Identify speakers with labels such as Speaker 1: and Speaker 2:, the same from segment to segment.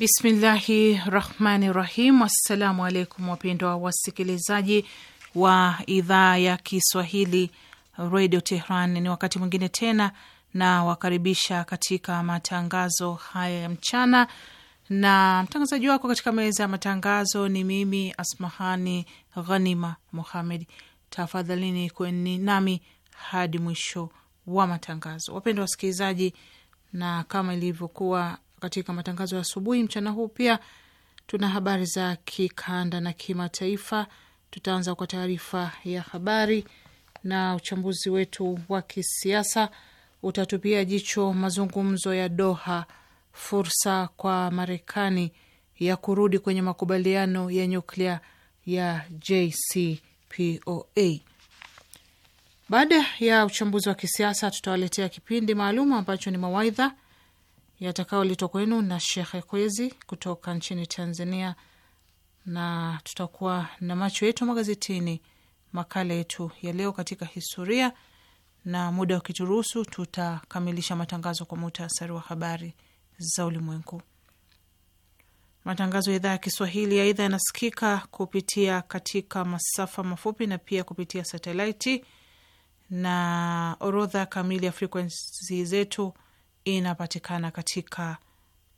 Speaker 1: Bismillahi rahmani rahim. Assalamu alaikum wapendwa wasikilizaji wa idhaa ya Kiswahili redio Tehran, ni wakati mwingine tena na wakaribisha katika matangazo haya ya mchana, na mtangazaji wako katika meza ya matangazo ni mimi Asmahani Ghanima Muhamed. Tafadhalini kweni nami hadi mwisho wa matangazo, wapendwa wasikilizaji, na kama ilivyokuwa katika matangazo ya asubuhi. Mchana huu pia tuna habari za kikanda na kimataifa. Tutaanza kwa taarifa ya habari na uchambuzi wetu wa kisiasa utatupia jicho mazungumzo ya Doha, fursa kwa Marekani ya kurudi kwenye makubaliano ya nyuklia ya JCPOA. Baada ya uchambuzi wa kisiasa, tutawaletea kipindi maalum ambacho ni mawaidha yatakayoletwa kwenu na Shekhe Kwezi kutoka nchini Tanzania, na tutakuwa na macho yetu magazetini, makala yetu ya leo katika historia, na muda ukituruhusu tutakamilisha matangazo kwa muhtasari wa habari za ulimwengu. Matangazo ya idhaa ya Kiswahili aidha yanasikika kupitia katika masafa mafupi na pia kupitia satelaiti, na orodha kamili ya frekuensi zetu inapatikana katika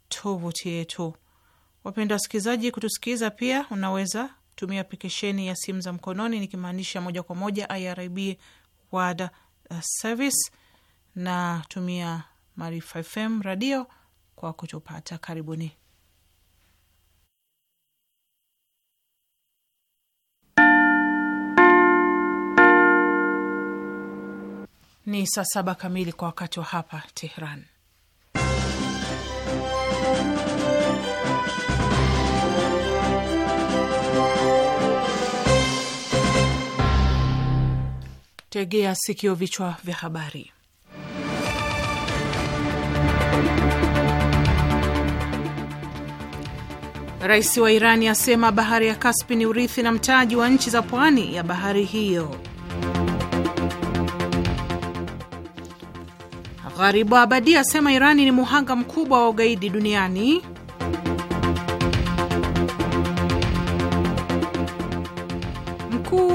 Speaker 1: tovuti yetu. Wapenda wasikilizaji, kutusikiliza pia unaweza tumia aplikesheni ya simu za mkononi, nikimaanisha moja kwa moja IRIB World uh, Service na tumia Maarifa FM radio kwa kutupata. Karibuni. Ni saa saba kamili kwa wakati wa hapa Tehran. Tegea sikio, vichwa vya habari. Rais wa Irani asema bahari ya Kaspi ni urithi na mtaji wa nchi za pwani ya bahari hiyo. Gharibu Abadi asema Irani ni muhanga mkubwa wa ugaidi duniani.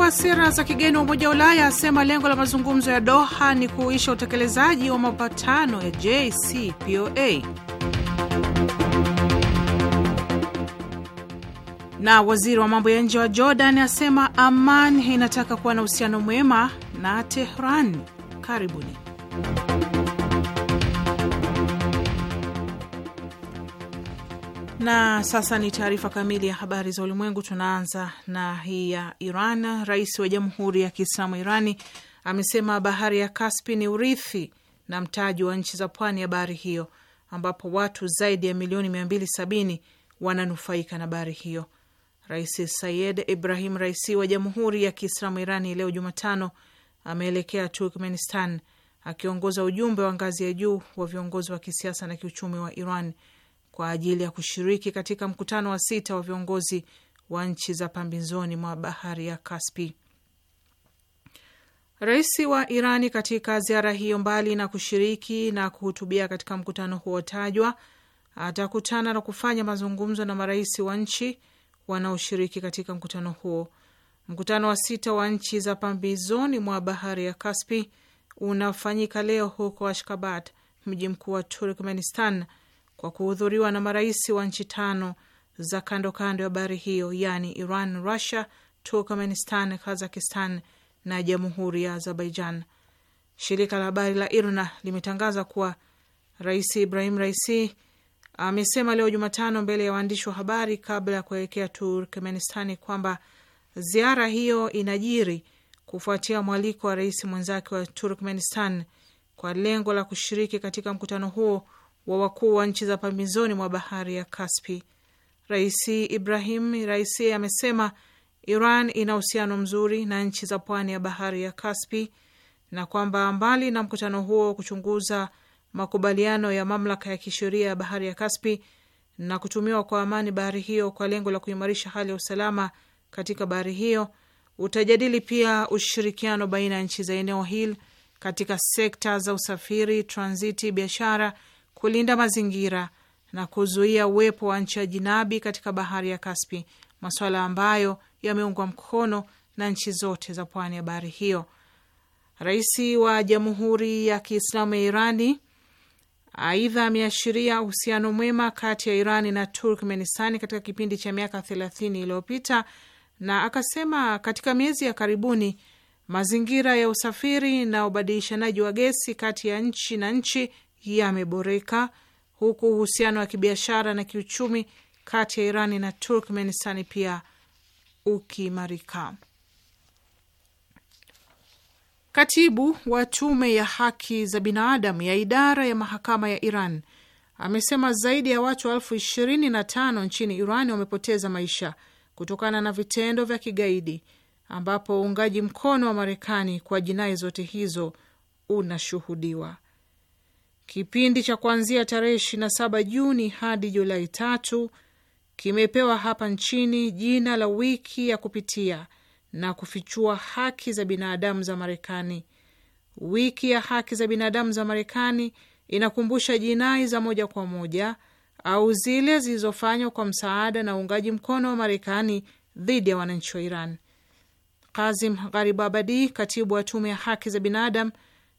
Speaker 1: wa sera za kigeni wa Umoja wa Ulaya asema lengo la mazungumzo ya Doha ni kuisha utekelezaji wa mapatano ya JCPOA. Na waziri wa mambo ya nje wa Jordan asema Amman inataka kuwa na uhusiano mwema na Tehran. Karibuni. Na sasa ni taarifa kamili ya habari za ulimwengu. Tunaanza na hii ya Iran. Rais wa Jamhuri ya Kiislamu Irani amesema bahari ya Kaspi ni urithi na mtaji wa nchi za pwani ya bahari hiyo, ambapo watu zaidi ya milioni sabini wananufaika na bahari hiyo. Rais Sayed Ibrahim Raisi wa Jamhuri ya Kiislamu Irani leo Jumatano ameelekea Turkmenistan akiongoza ujumbe wa ngazi ya juu wa viongozi wa kisiasa na kiuchumi wa Iran kwa ajili ya kushiriki katika mkutano wa sita wa viongozi wa nchi za pambizoni mwa bahari ya Kaspi. Rais wa Irani katika ziara hiyo, mbali na kushiriki na kuhutubia katika mkutano huo tajwa, atakutana na kufanya mazungumzo na marais wa nchi wanaoshiriki katika mkutano huo. Mkutano wa sita wa nchi za pambizoni mwa bahari ya Kaspi unafanyika leo huko Ashkabat, mji mkuu wa Turkmenistan, kwa kuhudhuriwa na marais wa nchi tano za kando kando ya bahari hiyo, yaani Iran, Russia, Turkmenistan, Kazakistan na jamhuri ya Azerbaijan. Shirika la habari la IRNA limetangaza kuwa Rais Ibrahim Raisi amesema leo Jumatano mbele ya waandishi wa habari kabla ya kuelekea Turkmenistani kwamba ziara hiyo inajiri kufuatia mwaliko wa rais mwenzake wa Turkmenistan kwa lengo la kushiriki katika mkutano huo wa wakuu wa nchi za pambizoni mwa bahari ya Kaspi. rais Ibrahim Raisi amesema Iran ina uhusiano mzuri na nchi za pwani ya bahari ya Kaspi na kwamba mbali na mkutano huo wa kuchunguza makubaliano ya mamlaka ya kisheria ya bahari ya Kaspi na kutumiwa kwa amani bahari hiyo kwa lengo la kuimarisha hali ya usalama katika bahari hiyo, utajadili pia ushirikiano baina ya nchi za eneo hili katika sekta za usafiri, transiti, biashara kulinda mazingira na kuzuia uwepo wa nchi ya jinabi katika bahari ya Kaspi, masuala ambayo yameungwa mkono na nchi zote za pwani ya bahari hiyo. Rais wa Jamhuri ya Kiislamu ya Irani aidha ameashiria uhusiano mwema kati ya Irani na Turkmenistani katika kipindi cha miaka thelathini iliyopita na akasema katika miezi ya karibuni mazingira ya usafiri na ubadilishanaji wa gesi kati ya nchi na nchi yameboreka huku uhusiano wa kibiashara na kiuchumi kati ya Irani na Turkmenistani pia ukiimarika. Katibu wa tume ya haki za binadamu ya idara ya mahakama ya Iran amesema zaidi ya watu elfu ishirini na tano nchini Iran wamepoteza maisha kutokana na vitendo vya kigaidi ambapo uungaji mkono wa Marekani kwa jinai zote hizo unashuhudiwa. Kipindi cha kuanzia tarehe 27 Juni hadi Julai tatu kimepewa hapa nchini jina la wiki ya kupitia na kufichua haki za binadamu za Marekani. Wiki ya haki za binadamu za Marekani inakumbusha jinai za moja kwa moja au zile zilizofanywa kwa msaada na uungaji mkono wa Marekani dhidi ya wananchi wa Iran. Kazim Gharibabadi, katibu wa tume ya haki za binadamu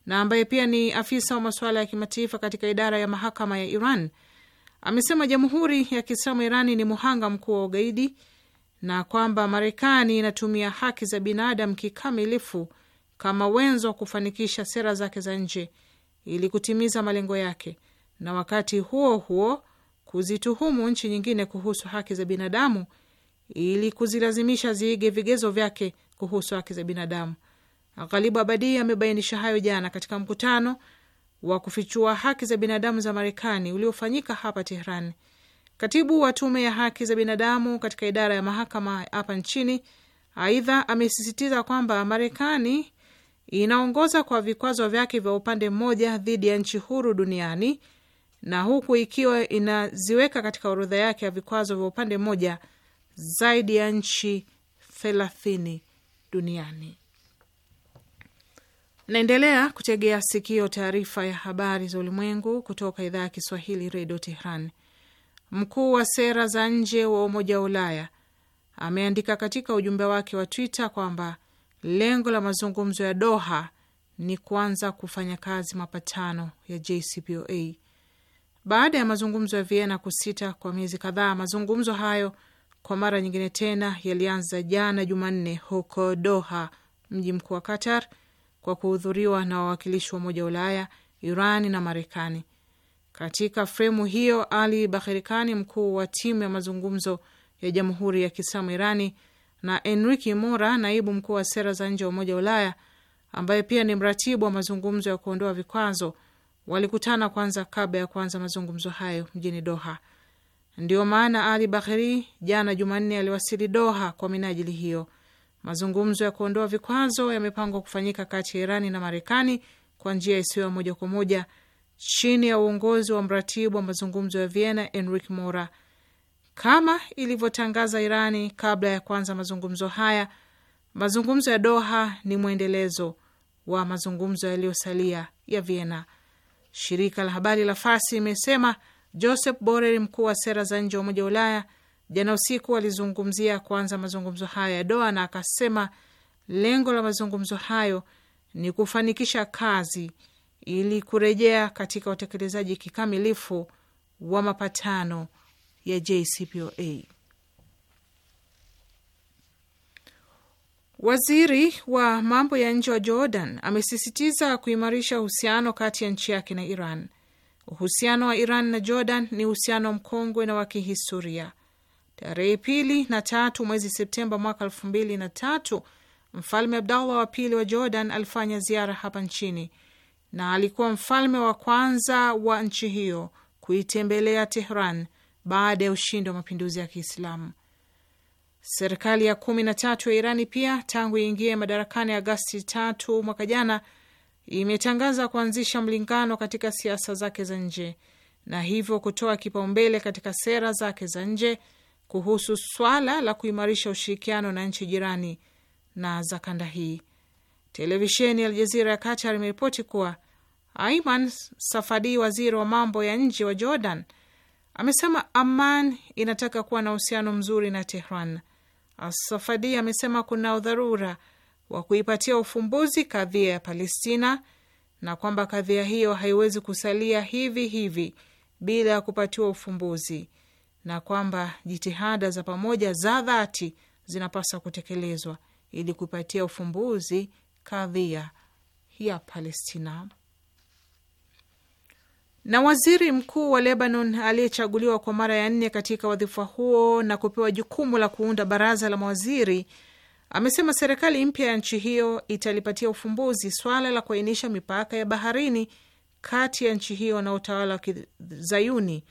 Speaker 1: na ambaye pia ni afisa wa masuala ya kimataifa katika idara ya mahakama ya Iran amesema jamhuri ya Kiislamu Irani ni muhanga mkuu wa ugaidi na kwamba Marekani inatumia haki za binadamu kikamilifu kama wenzo wa kufanikisha sera zake za nje ili kutimiza malengo yake, na wakati huo huo kuzituhumu nchi nyingine kuhusu haki za binadamu ili kuzilazimisha ziige vigezo vyake kuhusu haki za binadamu. Ghalibu Abadi amebainisha hayo jana katika mkutano wa kufichua haki za binadamu za Marekani uliofanyika hapa Tehran. Katibu wa tume ya haki za binadamu katika idara ya mahakama hapa nchini aidha amesisitiza kwamba Marekani inaongoza kwa vikwazo vyake vya upande mmoja dhidi ya nchi huru duniani na huku ikiwa inaziweka katika orodha yake ya vikwazo vya upande mmoja zaidi ya nchi thelathini duniani. Naendelea kutegea sikio taarifa ya habari za ulimwengu kutoka idhaa ya Kiswahili redio Tehran. Mkuu wa sera za nje wa Umoja wa Ulaya ameandika katika ujumbe wake wa Twitter kwamba lengo la mazungumzo ya Doha ni kuanza kufanya kazi mapatano ya JCPOA baada ya mazungumzo ya Vienna kusita kwa miezi kadhaa. Mazungumzo hayo kwa mara nyingine tena yalianza jana Jumanne huko Doha, mji mkuu wa Qatar kwa kuhudhuriwa na wawakilishi wa Umoja wa Ulaya, Iran na Marekani. Katika fremu hiyo, Ali Bakhirikani, mkuu wa timu ya mazungumzo ya Jamhuri ya Kiislamu Irani, na Enrique Mora, naibu mkuu wa sera za nje wa Umoja wa Ulaya ambaye pia ni mratibu wa mazungumzo ya kuondoa vikwazo walikutana kwanza kabla ya kuanza mazungumzo hayo mjini Doha. ndio maana Ali Bakhiri jana Jumanne aliwasili Doha kwa minajili hiyo. Mazungumzo ya kuondoa vikwazo yamepangwa kufanyika kati ya Irani na Marekani kwa njia isiyo ya moja kwa moja chini ya uongozi wa mratibu wa mazungumzo ya Vienna Enrique Mora. Kama ilivyotangaza Irani kabla ya kuanza mazungumzo haya, mazungumzo ya Doha ni mwendelezo wa mazungumzo yaliyosalia ya Vienna. Shirika la habari la Farsi imesema Joseph Borrell, mkuu wa sera za nje wa Umoja wa Ulaya, Jana usiku alizungumzia kwanza mazungumzo hayo ya Doha na akasema lengo la mazungumzo hayo ni kufanikisha kazi ili kurejea katika utekelezaji kikamilifu wa mapatano ya JCPOA. Waziri wa mambo ya nje wa Jordan amesisitiza kuimarisha uhusiano kati ya nchi yake na Iran. Uhusiano wa Iran na Jordan ni uhusiano mkongwe na wa kihistoria. Tarehe pili na tatu mwezi Septemba mwaka elfu mbili na tatu mfalme Abdallah wa pili wa Jordan alifanya ziara hapa nchini na alikuwa mfalme wa kwanza wa nchi hiyo kuitembelea Tehran baada ya ushindi wa mapinduzi ya Kiislamu. Serikali ya kumi na tatu ya Irani pia tangu iingie madarakani Agasti tatu mwaka jana imetangaza kuanzisha mlingano katika siasa zake za nje na hivyo kutoa kipaumbele katika sera zake za nje kuhusu swala la kuimarisha ushirikiano na nchi jirani na za kanda hii. Televisheni ya Aljazira ya Qatar imeripoti kuwa Aiman Safadi, waziri wa mambo ya nje wa Jordan, amesema aman inataka kuwa na uhusiano mzuri na Tehran. Asafadi amesema kuna udharura wa kuipatia ufumbuzi kadhia ya Palestina na kwamba kadhia hiyo haiwezi kusalia hivi hivi bila ya kupatiwa ufumbuzi na kwamba jitihada za pamoja za dhati zinapaswa kutekelezwa ili kupatia ufumbuzi kadhia ya Palestina. Na waziri mkuu wa Lebanon aliyechaguliwa kwa mara ya nne katika wadhifa huo na kupewa jukumu la kuunda baraza la mawaziri amesema serikali mpya ya nchi hiyo italipatia ufumbuzi swala la kuainisha mipaka ya baharini kati ya nchi hiyo na utawala wa kizayuni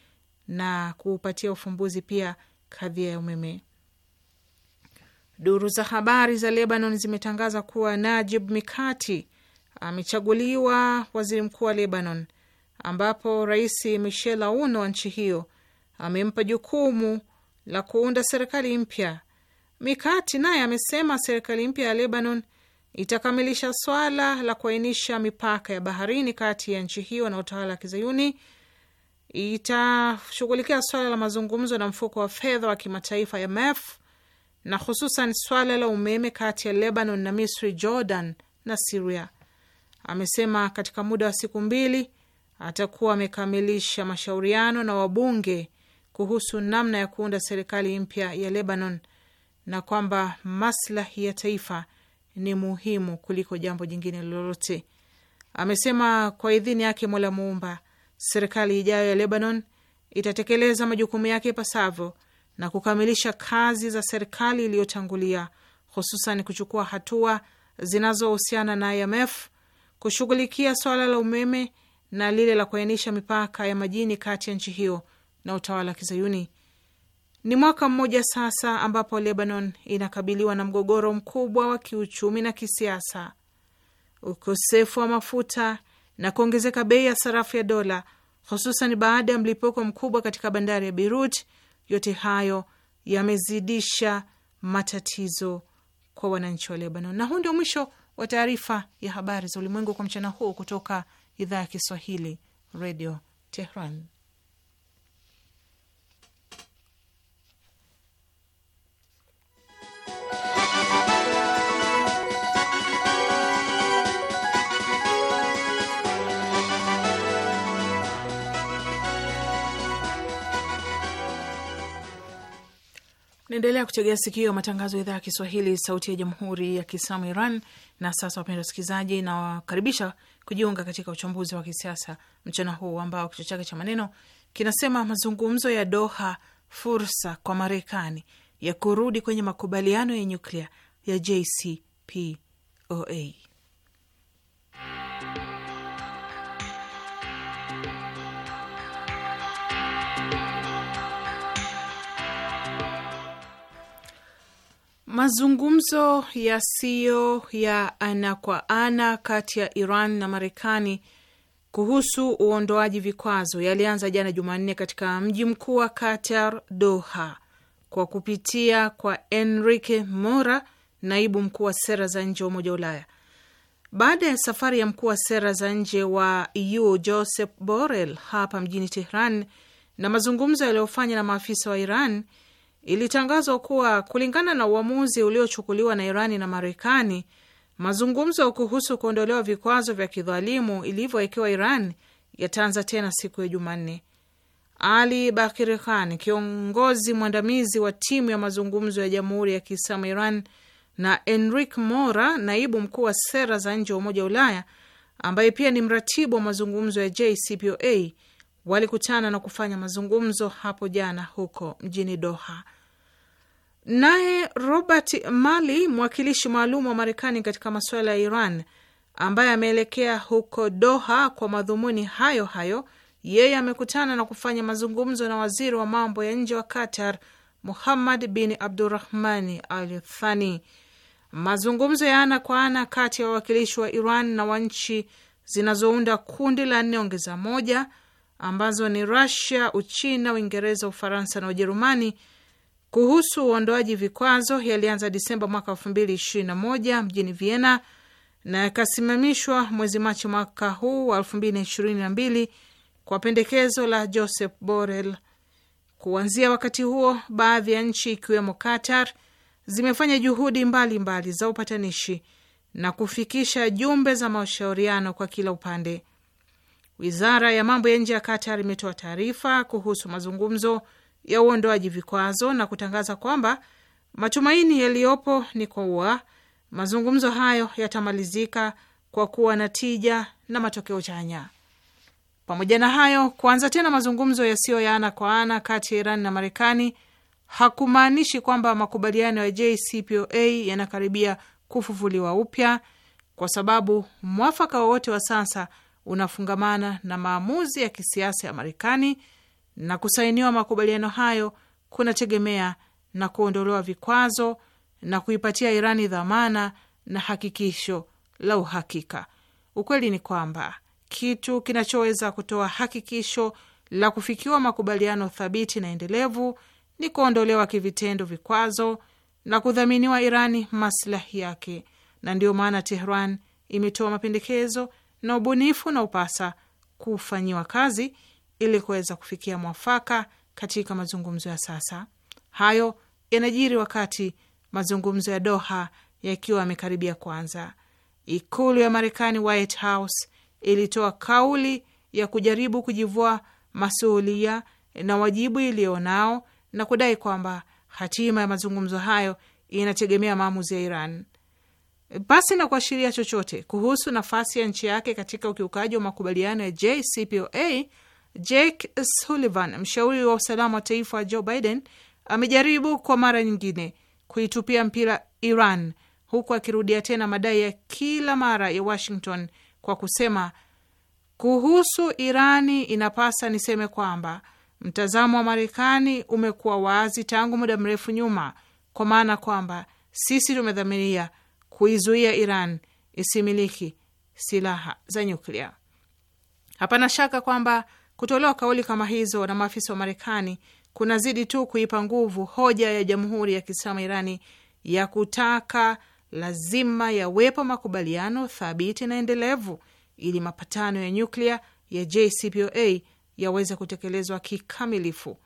Speaker 1: na kuupatia ufumbuzi pia kadhia ya umeme. Duru za habari za Lebanon zimetangaza kuwa Najib Mikati amechaguliwa waziri mkuu wa Lebanon, ambapo Rais Michel Aoun wa nchi hiyo amempa jukumu la kuunda serikali mpya. Mikati naye amesema serikali mpya ya Lebanon itakamilisha swala la kuainisha mipaka ya baharini kati ya nchi hiyo na utawala wa Kizayuni itashughulikia swala la mazungumzo na mfuko wa fedha wa kimataifa IMF e na hususan swala la umeme kati ya Lebanon na Misri, Jordan na Siria. Amesema katika muda wa siku mbili atakuwa amekamilisha mashauriano na wabunge kuhusu namna ya kuunda serikali mpya ya Lebanon na kwamba maslahi ya taifa ni muhimu kuliko jambo jingine lolote. Amesema kwa idhini yake Mola Muumba serikali ijayo ya Lebanon itatekeleza majukumu yake ipasavyo na kukamilisha kazi za serikali iliyotangulia, hususan kuchukua hatua zinazohusiana na IMF, kushughulikia swala la umeme na lile la kuainisha mipaka ya majini kati ya nchi hiyo na utawala wa Kizayuni. Ni mwaka mmoja sasa ambapo Lebanon inakabiliwa na mgogoro mkubwa wa kiuchumi na kisiasa. Ukosefu wa mafuta na kuongezeka bei ya sarafu ya dola hususan baada ya mlipuko mkubwa katika bandari ya Beirut. Yote hayo yamezidisha matatizo kwa wananchi wa Lebanon. Na huu ndio mwisho wa taarifa ya habari za ulimwengu kwa mchana huu kutoka idhaa ya Kiswahili, Radio Tehran. Naendelea kutegea sikio matangazo ya idhaa ya Kiswahili, sauti ya jamhuri ya kiislamu Iran. Na sasa, wapenda wasikilizaji, nawakaribisha kujiunga katika uchambuzi wa kisiasa mchana huu ambao kichwa chake cha maneno kinasema mazungumzo ya Doha, fursa kwa Marekani ya kurudi kwenye makubaliano ya nyuklia ya JCPOA. Mazungumzo yasiyo ya ana kwa ana kati ya Iran na Marekani kuhusu uondoaji vikwazo yalianza jana Jumanne katika mji mkuu wa Qatar, Doha, kwa kupitia kwa Enrique Mora, naibu mkuu wa sera za nje wa Umoja wa Ulaya, baada ya safari ya mkuu wa sera za nje wa EU Joseph Borrell hapa mjini Tehran na mazungumzo yaliyofanya na maafisa wa Iran ilitangazwa kuwa kulingana na uamuzi uliochukuliwa na Irani na Marekani, mazungumzo kuhusu kuondolewa vikwazo vya kidhalimu ilivyowekewa Iran yataanza tena siku ya Jumanne. Ali Bakiri Khan, kiongozi mwandamizi wa timu ya mazungumzo ya Jamhuri ya Kiislamu Iran, na enrik Mora, naibu mkuu wa sera za nje wa Umoja wa Ulaya ambaye pia ni mratibu wa mazungumzo ya JCPOA walikutana na kufanya mazungumzo hapo jana huko mjini Doha. Naye Robert mali mwakilishi maalum wa Marekani katika masuala ya Iran, ambaye ameelekea huko Doha kwa madhumuni hayo hayo, yeye amekutana na kufanya mazungumzo na waziri wa mambo ya nje wa Qatar, Muhammad bin Abdurahmani Al Thani. Mazungumzo ya ana kwa ana kati ya wawakilishi wa Iran na wa nchi zinazounda kundi la nne ongeza moja ambazo ni Rusia, Uchina, Uingereza, Ufaransa na Ujerumani kuhusu uondoaji vikwazo yalianza Disemba mwaka moja mjini Vienna na yakasimamishwa mwezi Machi mwaka huu wa mbili kwa pendekezo la Joseph Borrell. Kuanzia wakati huo, baadhi ya nchi ikiwemo Qatar zimefanya juhudi mbalimbali mbali za upatanishi na kufikisha jumbe za mashauriano kwa kila upande. Wizara ya mambo ya nje ya Qatar imetoa taarifa kuhusu mazungumzo ya uondoaji vikwazo na kutangaza kwamba matumaini yaliyopo ni kuwa mazungumzo hayo yatamalizika kwa kuwa na tija na matokeo chanya. Pamoja na hayo, kuanza tena mazungumzo yasiyo ya ana kwa ana kati ya Iran na Marekani hakumaanishi kwamba makubaliano ya JCPOA yanakaribia kufufuliwa upya, kwa sababu mwafaka wowote wa sasa unafungamana na maamuzi ya kisiasa ya Marekani na kusainiwa makubaliano hayo kunategemea na kuondolewa vikwazo na kuipatia Irani dhamana na hakikisho la uhakika. Ukweli ni kwamba kitu kinachoweza kutoa hakikisho la kufikiwa makubaliano thabiti na endelevu ni kuondolewa kivitendo vikwazo na kudhaminiwa Irani maslahi yake, na ndiyo maana Tehran imetoa mapendekezo na ubunifu na upasa kufanyiwa kazi ili kuweza kufikia mwafaka katika mazungumzo ya sasa. Hayo yanajiri wakati mazungumzo ya Doha yakiwa yamekaribia kwanza Ikulu ya Marekani, White House, ilitoa kauli ya kujaribu kujivua masuhulia na wajibu iliyonao na kudai kwamba hatima ya mazungumzo hayo inategemea maamuzi ya Iran basi na kuashiria chochote kuhusu nafasi ya nchi yake katika ukiukaji wa makubaliano ya JCPOA Jake Sullivan, mshauri wa usalama wa taifa wa Joe Biden, amejaribu kwa mara nyingine kuitupia mpira Iran, huku akirudia tena madai ya kila mara ya Washington kwa kusema kuhusu Irani, inapasa niseme kwamba mtazamo wa Marekani umekuwa wazi tangu muda mrefu nyuma, kwa maana kwamba sisi tumedhamiria kuizuia Iran isimiliki silaha za nyuklia. Hapana shaka kwamba Kutolewa kauli kama hizo na maafisa wa Marekani kunazidi tu kuipa nguvu hoja ya Jamhuri ya Kiislamu Irani ya kutaka lazima yawepo makubaliano thabiti na endelevu ili mapatano ya nyuklia ya JCPOA yaweze kutekelezwa kikamilifu,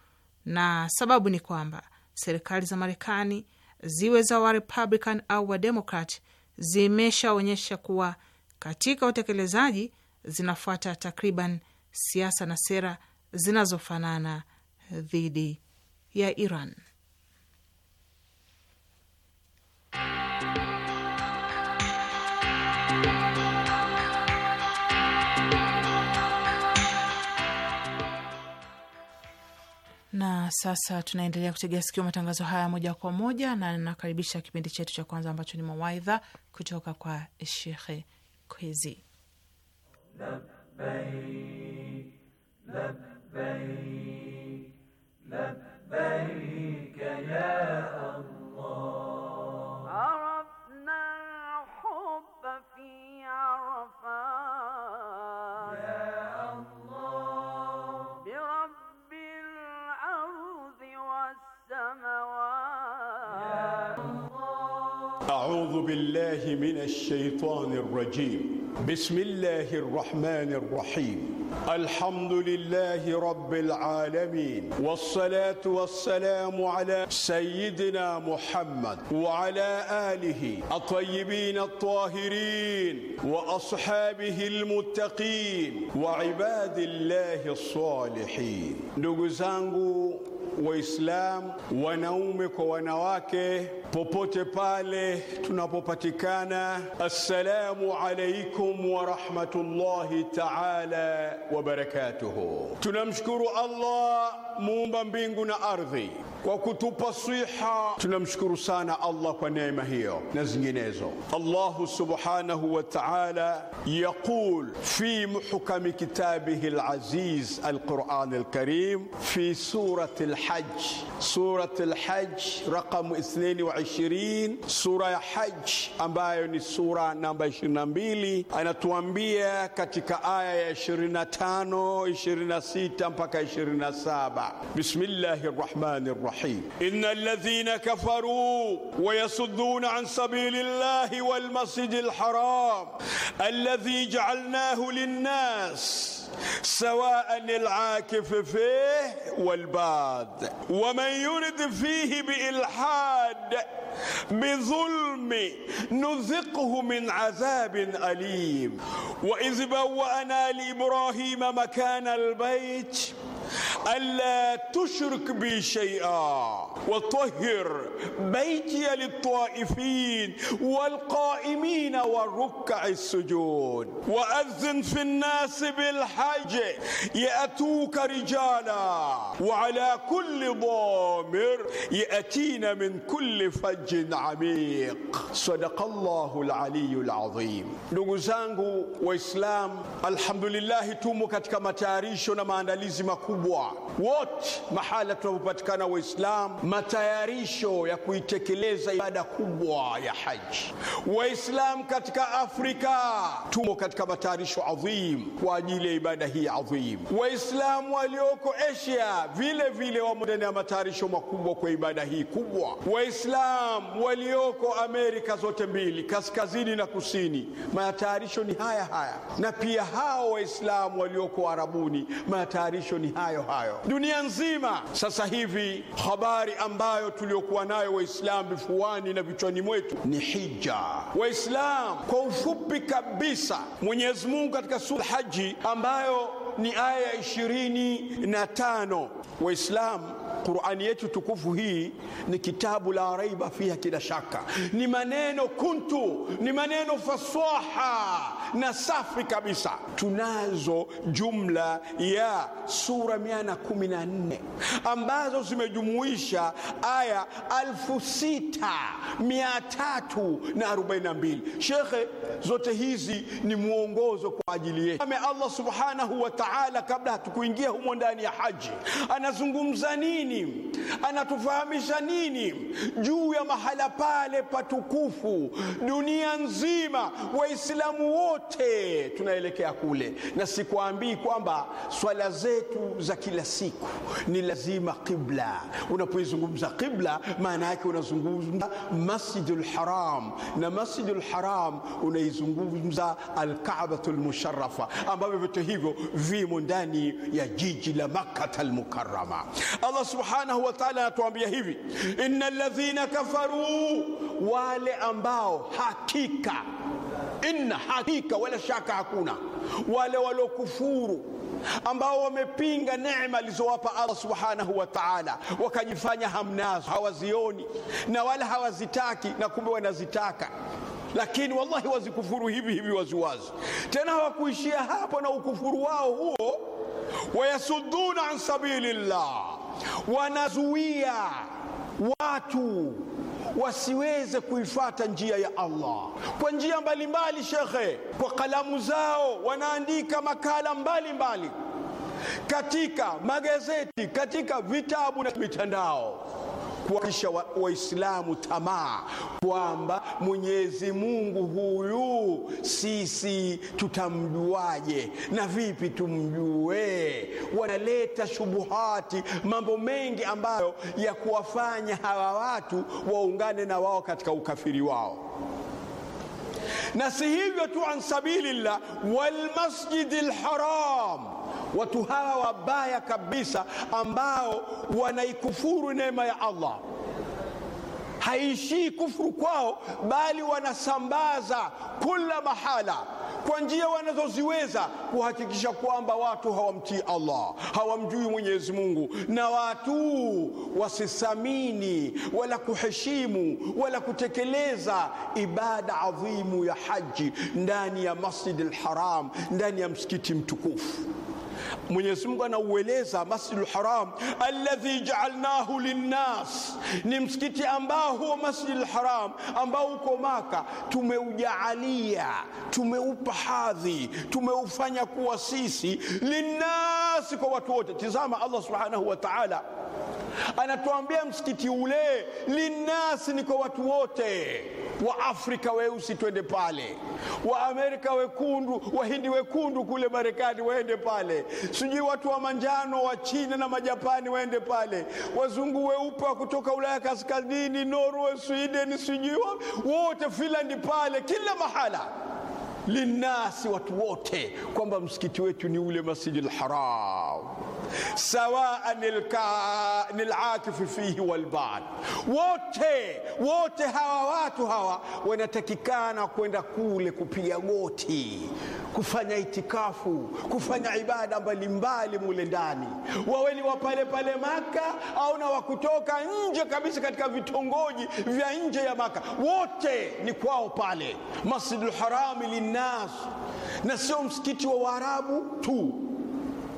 Speaker 1: na sababu ni kwamba serikali za Marekani ziwe za Warepublican au Wademokrat zimeshaonyesha kuwa katika utekelezaji zinafuata takriban siasa na sera zinazofanana dhidi ya Iran. Na sasa tunaendelea kutegea sikio matangazo haya moja kwa moja, na nakaribisha kipindi chetu cha kwanza ambacho ni mawaidha kutoka kwa Shekhe Kwezi.
Speaker 2: لبيك لبيك يا الله
Speaker 3: الحب في يا الله برب الأرض
Speaker 4: والسماوات يا الله أعوذ بالله من الشيطان الرجيم بسم الله الرحمن الرحيم الحمد لله رب العالمين والصلاة والسلام على سيدنا محمد وعلى آله الطيبين الطاهرين وأصحابه المتقين وعباد الله الصالحين نقزانقو Waislamu wanaume kwa wanawake, popote pale tunapopatikana, assalamu alaikum wa taala wa Tunamshukuru Allah muumba mbingu na ardhi kwa kutupa siha. Tunamshukuru sana Allah kwa neema hiyo na zinginezo. Allahu subhanahu wa taala yaqul fi muhkami kitabihi alaziz alquran alkarim fi surati الحج سورة الحج رقم 22 سورة يا حج ambayo ni sura namba 22 anatuambia katika aya ya 25 26 mpaka 27 بسم الله الرحمن الرحيم إن الذين كفروا ويصدون عن سبيل الله والمسجد الحرام الذي جعلناه للناس سواء العاكف فيه والباد ومن يرد فيه بإلحاد بظلم نذقه من عذاب أليم وإذ بوأنا لإبراهيم مكان البيت ألا تشرك بي شيئا وطهر بيتي للطائفين والقائمين والركع السجود وأذن في الناس بالحج يأتوك رجالا وعلى كل ضامر يأتين من كل فج عميق صدق الله العلي العظيم ndugu وإسلام الحمد لله تومك كما matayarisho na أنا makubwa kubwa wote mahala tunapopatikana Waislamu, matayarisho ya kuitekeleza ibada kubwa ya haji. Waislamu katika Afrika tumo katika matayarisho adhim kwa ajili ya ibada hii adhimu. Waislamu walioko Asia vile vile wamo ndani ya matayarisho makubwa kwa ibada hii kubwa. Waislamu walioko Amerika zote mbili, kaskazini na kusini, matayarisho ni haya haya, na pia hao Waislamu walioko Arabuni, matayarisho ni haya nayo hayo dunia nzima. Sasa hivi habari ambayo tuliokuwa nayo Waislamu vifuani na vichwani mwetu ni hija. Waislamu kwa ufupi kabisa, Mwenyezi Mungu katika sura Haji ambayo ni aya ishirini na tano Waislamu Qur'ani yetu tukufu hii ni kitabu la raiba fiha, kila shaka, ni maneno kuntu, ni maneno fasaha na safi kabisa. Tunazo jumla ya sura 114 ambazo zimejumuisha aya 6342. Shekhe, zote hizi ni mwongozo kwa ajili yetu. Allah subhanahu wa ta'ala, kabla hatukuingia humo ndani ya haji, anazungumza nini nini anatufahamisha nini juu ya mahala pale patukufu dunia nzima waislamu wote tunaelekea kule na sikuambii kwamba swala zetu za kila siku ni lazima qibla unapoizungumza qibla maana yake unazungumza masjidul haram na masjidul haram unaizungumza alkabatu lmusharafa ambavyo vyote hivyo vimo ndani ya jiji la makkata lmukarama allah subhanahu wa ta'ala anatuambia hivi inna ladhina kafaru wale ambao hakika inna hakika wala shaka hakuna wale walokufuru ambao wamepinga neema alizowapa Allah subhanahu wa ta'ala, wakajifanya hamnazo, hawazioni na wala hawazitaki, na kumbe wanazitaka lakini wallahi wazikufuru hivi hivi waziwazi. Tena hawakuishia hapo na ukufuru wao huo, wayasudduna an sabilillah wanazuia watu wasiweze kuifata njia ya Allah kwa njia mbalimbali. Shekhe, kwa kalamu zao wanaandika makala mbalimbali mbali, katika magazeti, katika vitabu na mitandao kuwatisha Waislamu wa tamaa kwamba Mwenyezi Mungu huyu sisi tutamjuaje na vipi tumjue? Wanaleta shubuhati, mambo mengi ambayo ya kuwafanya hawa watu waungane na wao katika ukafiri wao na si hivyo tu, an sabilillah walmasjidi lharam watu hawa wabaya kabisa ambao wanaikufuru neema ya Allah haishii kufuru kwao, bali wanasambaza kula mahala kwa njia wanazoziweza kuhakikisha kwamba watu hawamtii Allah, hawamjui Mwenyezi Mungu, na watu wasithamini wala kuheshimu wala kutekeleza ibada adhimu ya haji ndani ya Masjidil Haram, ndani ya msikiti mtukufu. Mwenyezi Mungu anaueleza Masjidul Haram alladhi jaalnahu linnas, ni msikiti ambao huo Masjidul Haram ambao uko Maka tumeujaalia, tumeupa hadhi, tumeufanya kuwa sisi linnas kwa watu wote. Tizama Allah subhanahu wa ta'ala anatuambia msikiti ule linasi ni kwa watu wote wa afrika weusi twende pale wa amerika wekundu wahindi wekundu kule marekani waende pale sijui watu wa manjano wa china na majapani waende pale wazungu weupe wa kutoka ulaya kaskazini norway sweden sijui wote finlandi pale kila mahala linasi watu wote kwamba msikiti wetu ni ule masjidi lharam sawaan laakifu fihi walbaad, wote wote hawa watu hawa wanatakikana kwenda kule kupiga goti, kufanya itikafu, kufanya ibada mbalimbali mule ndani, wawe ni wapalepale Maka au na wakutoka nje kabisa katika vitongoji vya nje ya Maka, wote ni kwao pale Masjidul Harami linnas, na sio msikiti wa Waarabu tu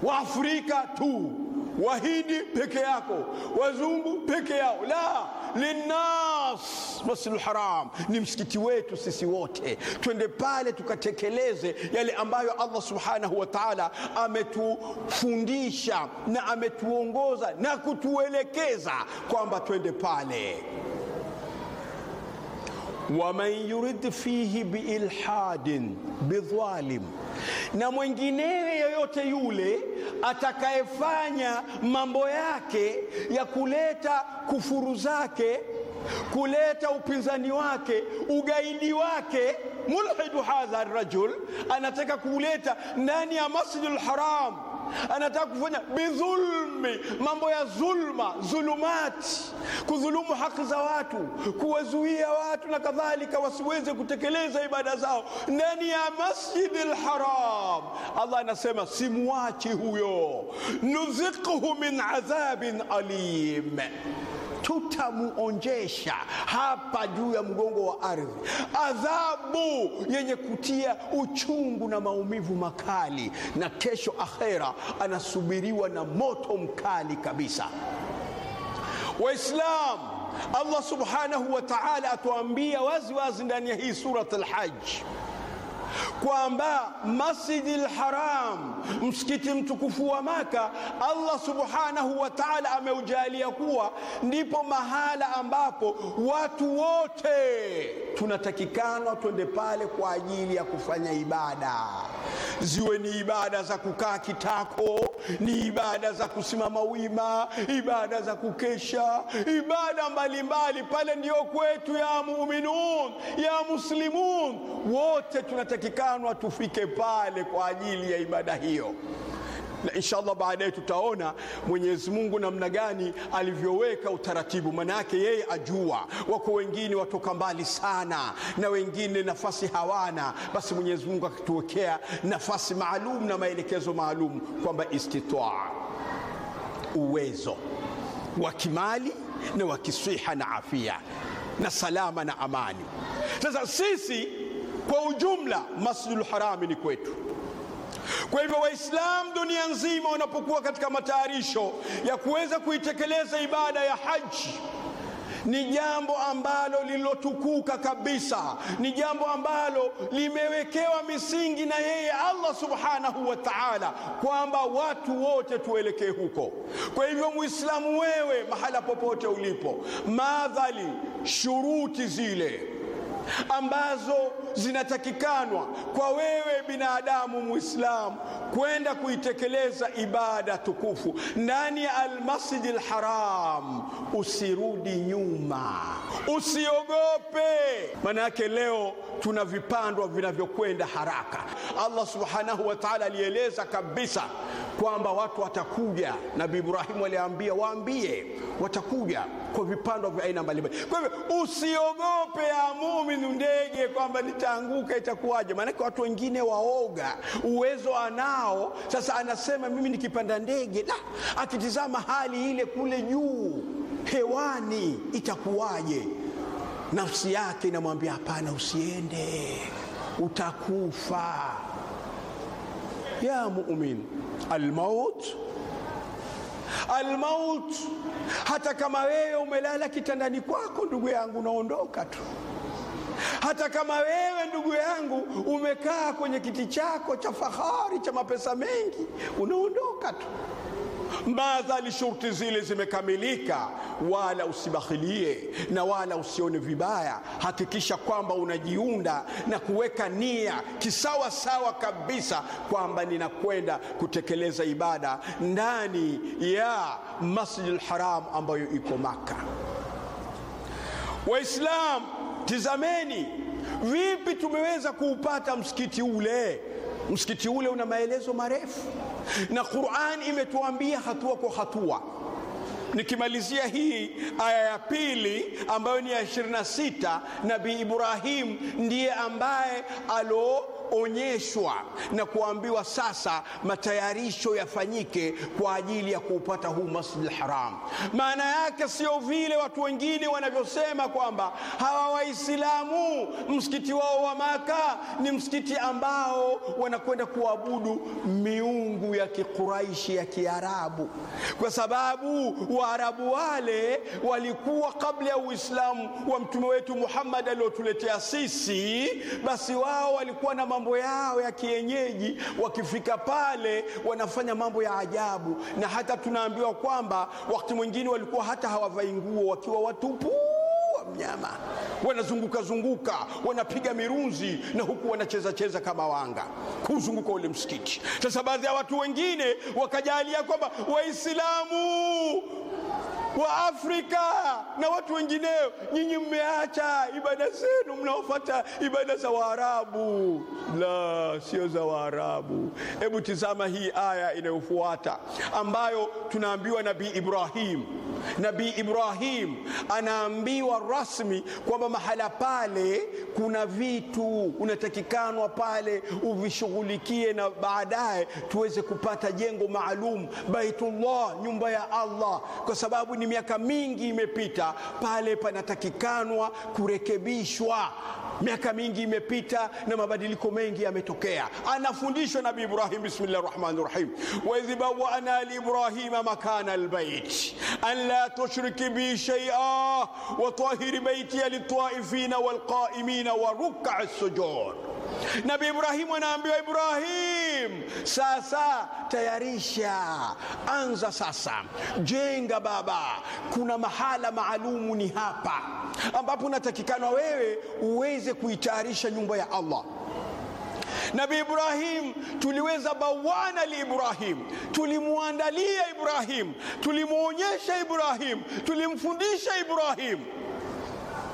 Speaker 4: Waafrika tu, Wahindi peke yako, wazungu peke yao, la linnas masjidul haram ni msikiti wetu sisi wote, twende pale tukatekeleze yale ambayo Allah subhanahu wa taala ametufundisha na ametuongoza na kutuelekeza kwamba twende pale waman yurid fihi biilhadin bidhalim, na mwenginewe yoyote yule atakayefanya mambo yake ya kuleta kufuru zake, kuleta upinzani wake, ugaidi wake. Mulhidu hadha rajul, anataka kuleta ndani ya masjidul haram anataka kufanya bidhulmi, mambo ya zulma, zulumati, kudhulumu haki za watu, kuwazuia watu na kadhalika wasiweze kutekeleza ibada zao ndani ya Masjidi lharam Allah anasema simwachi huyo, nudhiquhu min adhabin alim tutamuonjesha hapa juu ya mgongo wa ardhi adhabu yenye kutia uchungu na maumivu makali, na kesho akhera anasubiriwa na moto mkali kabisa. Waislam, Allah subhanahu wa ta'ala atuambia wazi wazi ndani ya hii Surat al kwamba Masjidil Haram, msikiti mtukufu wa Maka, Allah subhanahu wa taala ameujalia kuwa ndipo mahala ambapo watu wote tunatakikana twende pale kwa ajili ya kufanya ibada ziwe ni ibada za kukaa kitako, ni ibada za kusimama wima, ibada za kukesha, ibada mbalimbali Pale ndiyo kwetu ya muuminun ya muslimun, wote tunatakikanwa tufike pale kwa ajili ya ibada hiyo na inshallah baadaye tutaona Mwenyezi Mungu namna gani alivyoweka utaratibu. Maana yake yeye ajua, wako wengine watoka mbali sana na wengine nafasi hawana, basi Mwenyezi Mungu akituwekea nafasi maalum na maelekezo maalum kwamba istitwaa, uwezo wa kimali na wa kisiha na afia na salama na amani. Sasa sisi kwa ujumla, Masjidul Harami ni kwetu kwa hivyo Waislamu dunia nzima wanapokuwa katika matayarisho ya kuweza kuitekeleza ibada ya haji ni jambo ambalo lililotukuka kabisa, ni jambo ambalo limewekewa misingi na yeye Allah subhanahu wa ta'ala, kwamba watu wote tuelekee huko. Kwa hivyo, Muislamu wewe, mahala popote ulipo, madhali shuruti zile ambazo zinatakikanwa kwa wewe binadamu Muislamu kwenda kuitekeleza ibada tukufu ndani ya Almasjidi Alharam. Usirudi nyuma, usiogope, manake leo tuna vipandwa vinavyokwenda haraka. Allah subhanahu wa taala alieleza kabisa kwamba watu watakuja. Nabii Ibrahimu aliambia waambie, watakuja kwa vipando vya aina mbalimbali. Kwa hivyo usiogope ya muumini ndege kwamba nitaanguka itakuwaje, maanake watu wengine waoga, uwezo anao. Sasa anasema mimi nikipanda ndege, la, akitizama hali ile kule juu hewani itakuwaje, nafsi yake inamwambia hapana, usiende, utakufa ya mumin almaut almaut hata kama wewe umelala kitandani kwako ndugu yangu unaondoka tu hata kama wewe ndugu yangu umekaa kwenye kiti chako cha fahari cha mapesa mengi unaondoka tu madhali shurti zile zimekamilika, wala usibakhilie na wala usione vibaya. Hakikisha kwamba unajiunda na kuweka nia kisawa sawa kabisa kwamba ninakwenda kutekeleza ibada ndani ya Masjidil Haram ambayo iko Maka. Waislam, tizameni vipi tumeweza kuupata msikiti ule. Msikiti ule una maelezo marefu na Qur'an imetuambia hatua kwa hatua Nikimalizia hii aya ya pili ambayo ni ya 26, Nabii Ibrahim ndiye ambaye aloonyeshwa na kuambiwa sasa matayarisho yafanyike kwa ajili ya kuupata huu Masjid Haram. Maana yake sio vile watu wengine wanavyosema kwamba hawa Waislamu msikiti wao wa Maka ni msikiti ambao wanakwenda kuabudu miungu ya Kikuraishi ya Kiarabu kwa sababu Waarabu wale walikuwa kabla ya Uislamu wa mtume wetu Muhammad aliotuletea sisi, basi wao walikuwa na mambo yao ya kienyeji. Wakifika pale wanafanya mambo ya ajabu, na hata tunaambiwa kwamba wakati mwingine walikuwa hata hawavai nguo, wakiwa watupu mnyama wanazunguka zunguka, wanapiga mirunzi na huku wanacheza cheza kama wanga kuzunguka ule msikiti. Sasa baadhi ya watu wengine wakajalia kwamba Waislamu wa Afrika na watu wengineo, nyinyi mmeacha ibada zenu, mnaofuata ibada za Waarabu. La, sio za Waarabu. Hebu tizama hii aya inayofuata ambayo tunaambiwa Nabii Ibrahim Nabii Ibrahim anaambiwa rasmi kwamba mahala pale kuna vitu unatakikanwa pale uvishughulikie, na baadaye tuweze kupata jengo maalum Baitullah, nyumba ya Allah, kwa sababu ni miaka mingi imepita, pale panatakikanwa kurekebishwa. Miaka mingi imepita na mabadiliko mengi yametokea. Anafundishwa nabi Ibrahim, bismillah rahmanir rahim, wa idh bawwa'na li ibrahima makana albayt an la tushriki bi shay'a wa tahiri baytiya lit-ta'ifina wal-qa'imina sujud. Nabii Ibrahimu anaambiwa Ibrahim, sasa tayarisha, anza sasa, jenga baba kuna mahala maalumu ni hapa ambapo unatakikana wewe uweze kuitayarisha nyumba ya Allah. nabi Ibrahim tuliweza bawana li Ibrahim, tulimwandalia Ibrahim, tulimwonyesha Ibrahim, tulimfundisha Ibrahim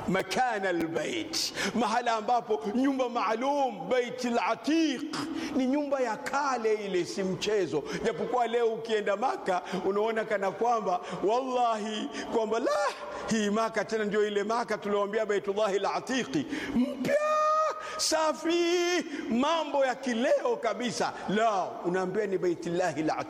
Speaker 4: makana albayt, mahala ambapo nyumba maalum baitil alatiq ni nyumba ya kale ile, si mchezo. Japokuwa leo ukienda Maka unaona kana kwamba wallahi kwamba la hii Maka tena ndio ile Maka tulioambia Baitullahi latiqi mpya safi, mambo ya kileo kabisa. La, unaambiwa ni baitillahi al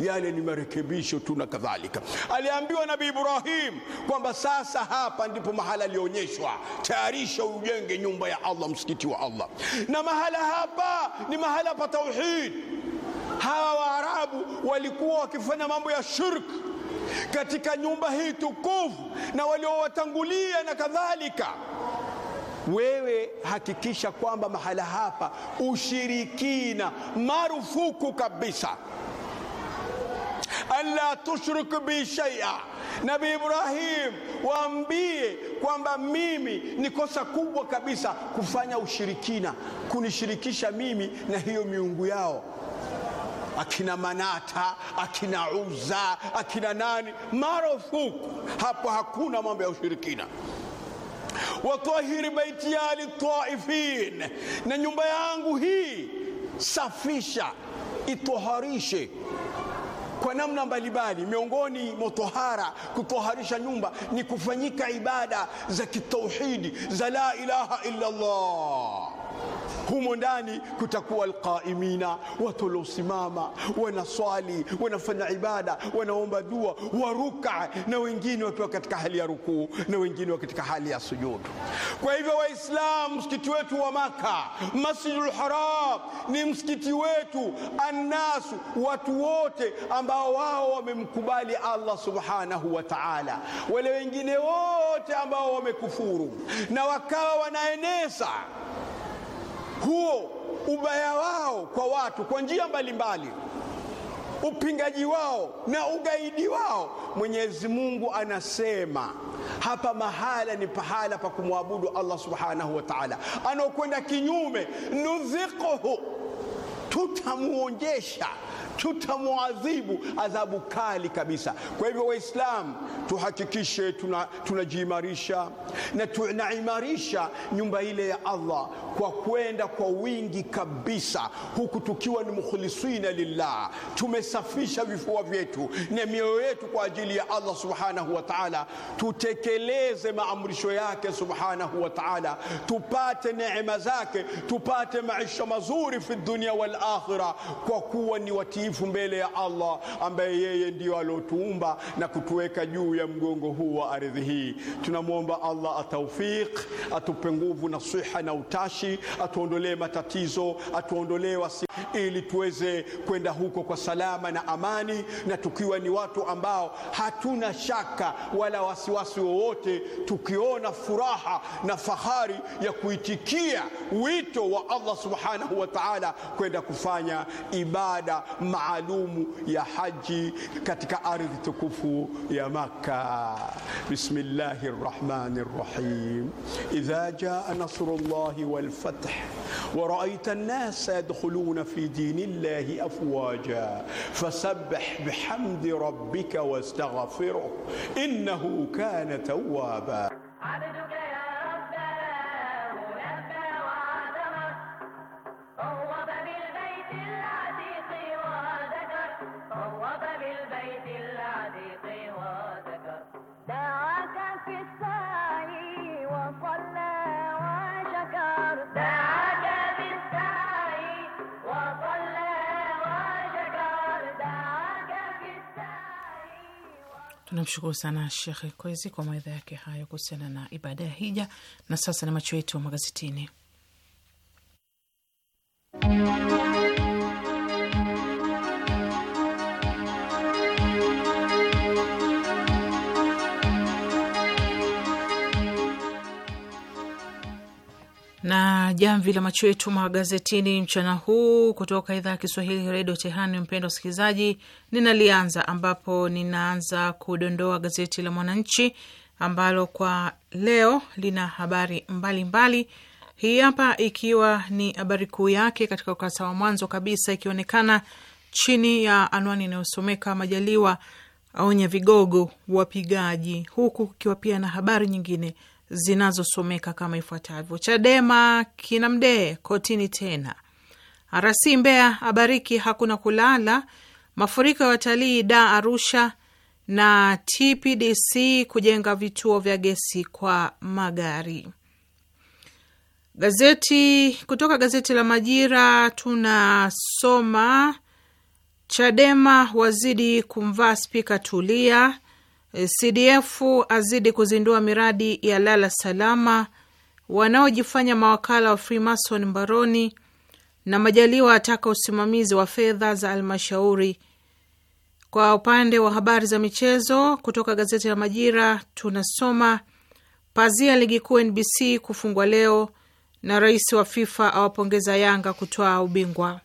Speaker 4: yale ni marekebisho tu na kadhalika. Aliambiwa Nabii Ibrahim kwamba sasa hapa ndipo mahala alionyeshwa, tayarisha ujenge nyumba ya Allah, msikiti wa Allah, na mahala hapa ni mahala pa tauhid. Hawa Waarabu walikuwa wakifanya mambo ya shirki katika nyumba hii tukufu na waliowatangulia na kadhalika. Wewe hakikisha kwamba mahala hapa ushirikina marufuku kabisa. Alla tushrik bi shaia. nabi Ibrahim, waambie kwamba mimi ni kosa kubwa kabisa kufanya ushirikina, kunishirikisha mimi na hiyo miungu yao akina Manata, akina Uza, akina nani, marufuku hapo. Hakuna mambo ya ushirikina watahiri baiti ya litaifin, na nyumba yangu hii safisha, itoharishe kwa namna mbalimbali. Miongoni mwa tohara, kutoharisha nyumba ni kufanyika ibada za kitauhidi za la ilaha illa Allah. Humo ndani kutakuwa alqaimina, watu waliosimama wanaswali, wanafanya ibada, wanaomba dua, waruka, na wengine wakiwa katika hali ya rukuu na wengine katika hali ya sujudu. Kwa hivyo, Waislamu, msikiti wetu wa Maka, Masjidul Haram, ni msikiti wetu annasu, watu wote ambao wao wamemkubali Allah subhanahu wa ta'ala, wale wengine wote ambao wamekufuru na wakawa wanaeneza huo ubaya wao kwa watu kwa njia mbalimbali upingaji wao na ugaidi wao. Mwenyezi Mungu anasema hapa mahala ni pahala pa kumwabudu Allah subhanahu wa ta'ala, anaokwenda kinyume nudhiquhu tutamuonjesha tutamwadhibu adhabu kali kabisa. Kwa hivyo, Waislamu tuhakikishe tunajiimarisha tuna na tunaimarisha nyumba ile ya Allah kwa kwenda kwa wingi kabisa, huku tukiwa ni mukhlisina lillah, tumesafisha vifua vyetu na mioyo yetu kwa ajili ya Allah subhanahu wa ta'ala, tutekeleze maamrisho yake subhanahu wa ta'ala, tupate neema zake, tupate maisha mazuri fi dunia wal akhirah, kwa kuwa ni watii ukamilifu mbele ya Allah ambaye yeye ndiyo aliotuumba na kutuweka juu ya mgongo huu wa ardhi hii. Tunamwomba Allah ataufik atupe nguvu na siha na utashi, atuondolee matatizo, atuondolee wasi, ili tuweze kwenda huko kwa salama na amani, na tukiwa ni watu ambao hatuna shaka wala wasiwasi wowote, tukiona furaha na fahari ya kuitikia wito wa Allah subhanahu wa ta'ala kwenda kufanya ibada ma maalumu ya haji katika ardhi tukufu ya Makka. Bismillahi rrahmani rrahim. Idha jaa nasrullahi walfath ورأيت الناس يدخلون في دين الله أفواجا فسبح بحمد ربك واستغفره إنه كان توابا
Speaker 1: Namshukuru sana Shekhe Kwezi kwa mawaidha yake hayo kuhusiana na ibada ya hija. Na sasa ni macho yetu magazetini. jamvi la macho yetu magazetini mchana huu kutoka idhaa ya Kiswahili redio Tehran. mpendo msikilizaji, ninalianza ambapo ninaanza kudondoa gazeti la Mwananchi ambalo kwa leo lina habari mbalimbali mbali. Hii hapa ikiwa ni habari kuu yake katika ukurasa wa mwanzo kabisa, ikionekana chini ya anwani inayosomeka Majaliwa aonya vigogo wapigaji, huku kukiwa pia na habari nyingine zinazosomeka kama ifuatavyo: Chadema kina Mdee kotini tena, RC Mbeya abariki hakuna kulala, mafuriko ya watalii da Arusha, na TPDC kujenga vituo vya gesi kwa magari. Gazeti kutoka gazeti la Majira tunasoma Chadema wazidi kumvaa spika Tulia, Eh, CDF azidi kuzindua miradi ya lala salama, wanaojifanya mawakala wa Freemason mbaroni, na Majaliwa ataka usimamizi wa fedha za almashauri. Kwa upande wa habari za michezo kutoka gazeti la Majira tunasoma pazia ligi kuu NBC kufungwa leo na rais wa FIFA awapongeza Yanga kutoa ubingwa.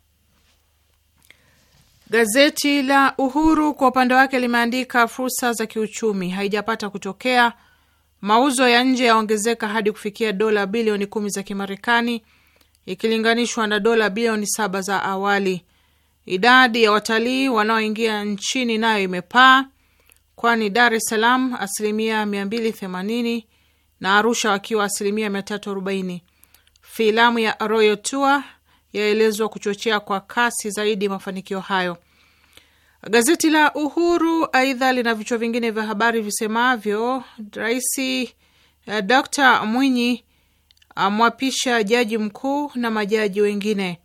Speaker 1: Gazeti la Uhuru kwa upande wake limeandika fursa za kiuchumi haijapata kutokea, mauzo ya nje yaongezeka hadi kufikia dola bilioni kumi za Kimarekani ikilinganishwa na dola bilioni saba za awali. Idadi ya watalii wanaoingia nchini nayo imepaa, kwani Dar es Salaam asilimia 280 na Arusha wakiwa asilimia 340. Filamu ya Royal Tour yaelezwa kuchochea kwa kasi zaidi mafanikio hayo. Gazeti la Uhuru aidha lina vichwa vingine vya habari visemavyo: Rais eh, Dr Mwinyi amwapisha jaji mkuu na majaji wengine,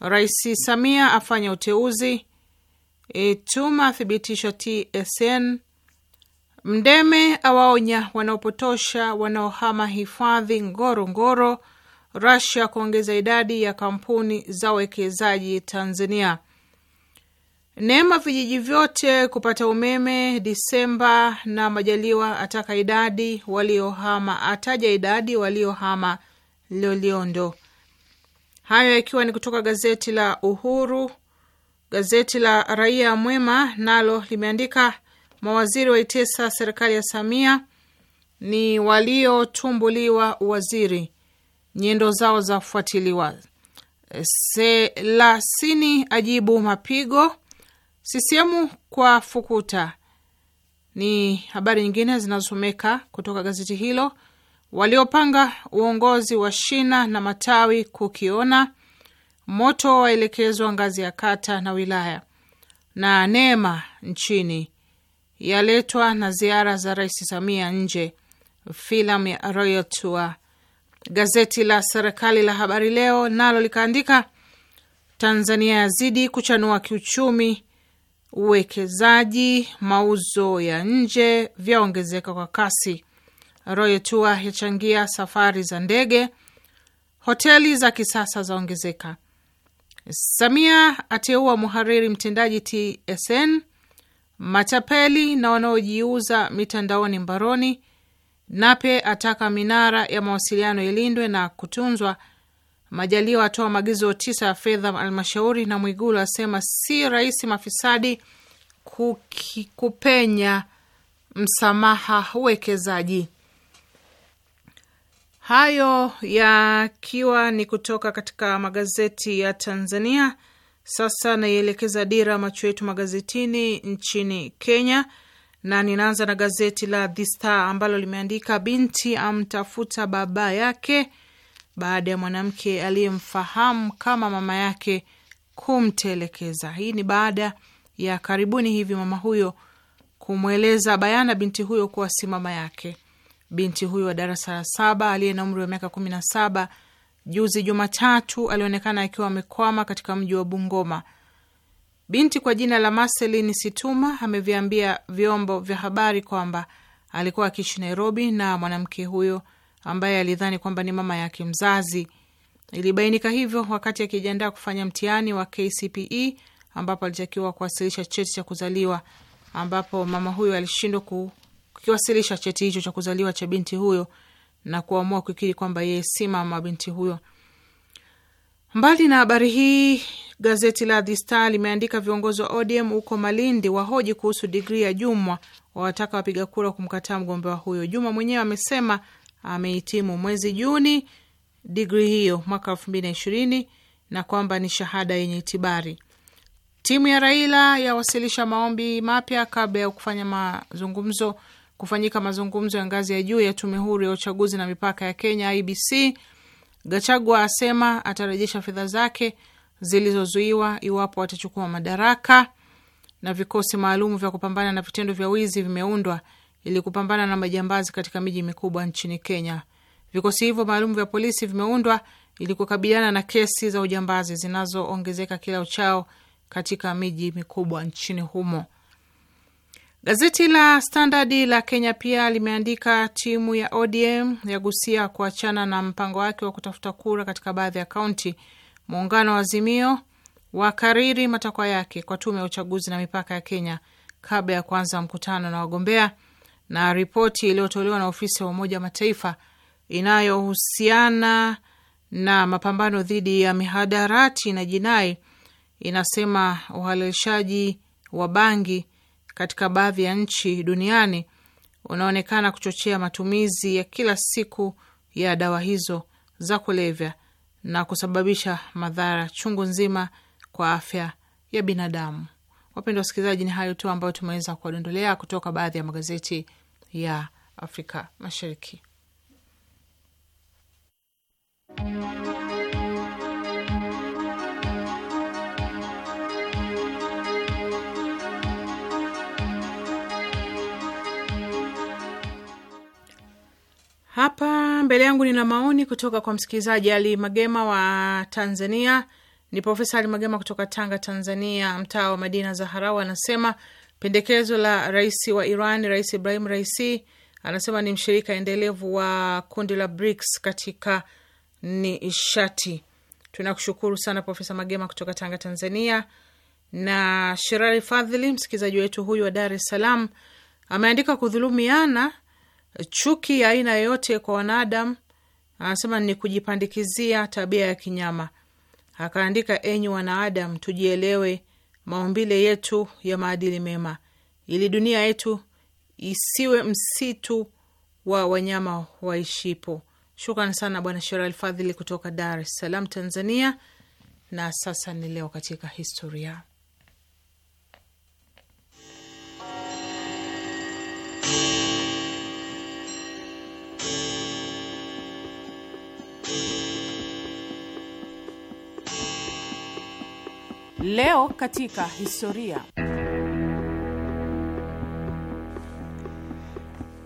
Speaker 1: Rais Samia afanya uteuzi, e, Tuma thibitisha TSN, Mdeme awaonya wanaopotosha wanaohama hifadhi Ngorongoro, rasia kuongeza idadi ya kampuni za uwekezaji Tanzania. Neema vijiji vyote kupata umeme Disemba, na Majaliwa ataka idadi waliohama, ataja idadi waliohama Loliondo. Hayo yakiwa ni kutoka gazeti la Uhuru. Gazeti la Raia Mwema nalo limeandika mawaziri waitesa serikali ya Samia, ni waliotumbuliwa uwaziri nyendo zao zafuatiliwa. Eh, Selasini ajibu mapigo. CCM kwa fukuta ni habari nyingine zinazosomeka kutoka gazeti hilo. Waliopanga uongozi wa shina na matawi kukiona moto waelekezwa ngazi ya kata na wilaya, na neema nchini yaletwa na ziara za Rais Samia nje. Filamu ya Royal Tour Gazeti la serikali la Habari Leo nalo likaandika Tanzania yazidi kuchanua kiuchumi, uwekezaji, mauzo ya nje vyaongezeka kwa kasi, Royal Tour yachangia safari za ndege, hoteli za kisasa zaongezeka, Samia ateua mhariri mtendaji TSN, matapeli na wanaojiuza mitandaoni mbaroni, Nape ataka minara ya mawasiliano ilindwe na kutunzwa. Majaliwa atoa maagizo tisa ya fedha halmashauri, na Mwigulu asema si rahisi mafisadi kupenya msamaha uwekezaji. Hayo yakiwa ni kutoka katika magazeti ya Tanzania. Sasa naielekeza dira macho yetu magazetini nchini Kenya na ninaanza na gazeti la The Star ambalo limeandika binti amtafuta baba yake baada ya mwanamke aliyemfahamu kama mama yake kumtelekeza. Hii ni baada ya karibuni hivi mama huyo kumweleza bayana binti huyo kuwa si mama yake. Binti huyo wa darasa la saba aliye na umri wa miaka kumi na saba juzi Jumatatu alionekana akiwa amekwama katika mji wa Bungoma Binti kwa jina la Marcelin Situma ameviambia vyombo vya habari kwamba alikuwa akiishi Nairobi na mwanamke huyo ambaye alidhani kwamba ni mama yake mzazi. Ilibainika hivyo wakati akijiandaa kufanya mtihani wa KCPE ambapo alitakiwa kuwasilisha cheti cha kuzaliwa, ambapo mama huyo alishindwa kukiwasilisha cheti hicho cha kuzaliwa cha binti huyo na kuamua kukiri kwamba yeye si mama binti huyo. Mbali na habari hii Gazeti la The Star limeandika viongozi wa ODM huko Malindi wahoji kuhusu digrii ya Jumwa, wawataka wapiga kura kumkataa mgombea huyo. Juma mwenyewe amesema amehitimu mwezi Juni digrii hiyo mwaka elfu mbili na ishirini na kwamba ni shahada yenye itibari. Timu ya Raila yawasilisha maombi mapya kabla ya kufanya mazungumzo kufanyika mazungumzo ya ngazi ya juu ya tume huru ya uchaguzi na mipaka ya Kenya IBC. Gachagua asema atarejesha fedha zake zilizozuiwa iwapo watachukua madaraka, na vikosi maalum vya kupambana na vitendo vya wizi vimeundwa ili kupambana na majambazi katika miji mikubwa nchini Kenya. Vikosi hivyo maalum vya polisi vimeundwa ili kukabiliana na kesi za ujambazi zinazoongezeka kila uchao katika miji mikubwa nchini humo. Gazeti la Standard la Kenya pia limeandika timu ya ODM yagusia kuachana na mpango wake wa kutafuta kura katika baadhi ya kaunti Muungano wa Azimio wakariri matakwa yake kwa tume ya uchaguzi na mipaka ya Kenya kabla ya kuanza mkutano na wagombea, na ripoti iliyotolewa na ofisi ya Umoja wa Mataifa inayohusiana na mapambano dhidi ya mihadarati na jinai inasema uhalalishaji wa bangi katika baadhi ya nchi duniani unaonekana kuchochea matumizi ya kila siku ya dawa hizo za kulevya na kusababisha madhara chungu nzima kwa afya ya binadamu. Wapendwa wasikilizaji, ni hayo tu ambayo tumeweza kuwadondolea kutoka baadhi ya magazeti ya Afrika Mashariki. Hapa mbele yangu nina maoni kutoka kwa msikilizaji Ali Magema wa Tanzania. Ni Profesa Ali Magema kutoka Tanga, Tanzania, mtaa wa Madina Zaharau. Anasema pendekezo la rais wa Iran, Rais Ibrahim Raisi, anasema ni mshirika endelevu wa kundi la BRICS katika nishati. Tunakushukuru sana Profesa Magema kutoka Tanga, Tanzania. Na Shirari Fadhili, msikilizaji wetu huyu wa Dar es Salaam, ameandika kudhulumiana Chuki ya aina yoyote kwa wanadamu, anasema ni kujipandikizia tabia ya kinyama. Akaandika, enyi wanaadamu, tujielewe maumbile yetu ya maadili mema, ili dunia yetu isiwe msitu wa wanyama waishipo. Shukran sana Bwana Shera Alfadhili kutoka Dar es Salaam, Tanzania. Na sasa ni leo katika historia Leo katika historia.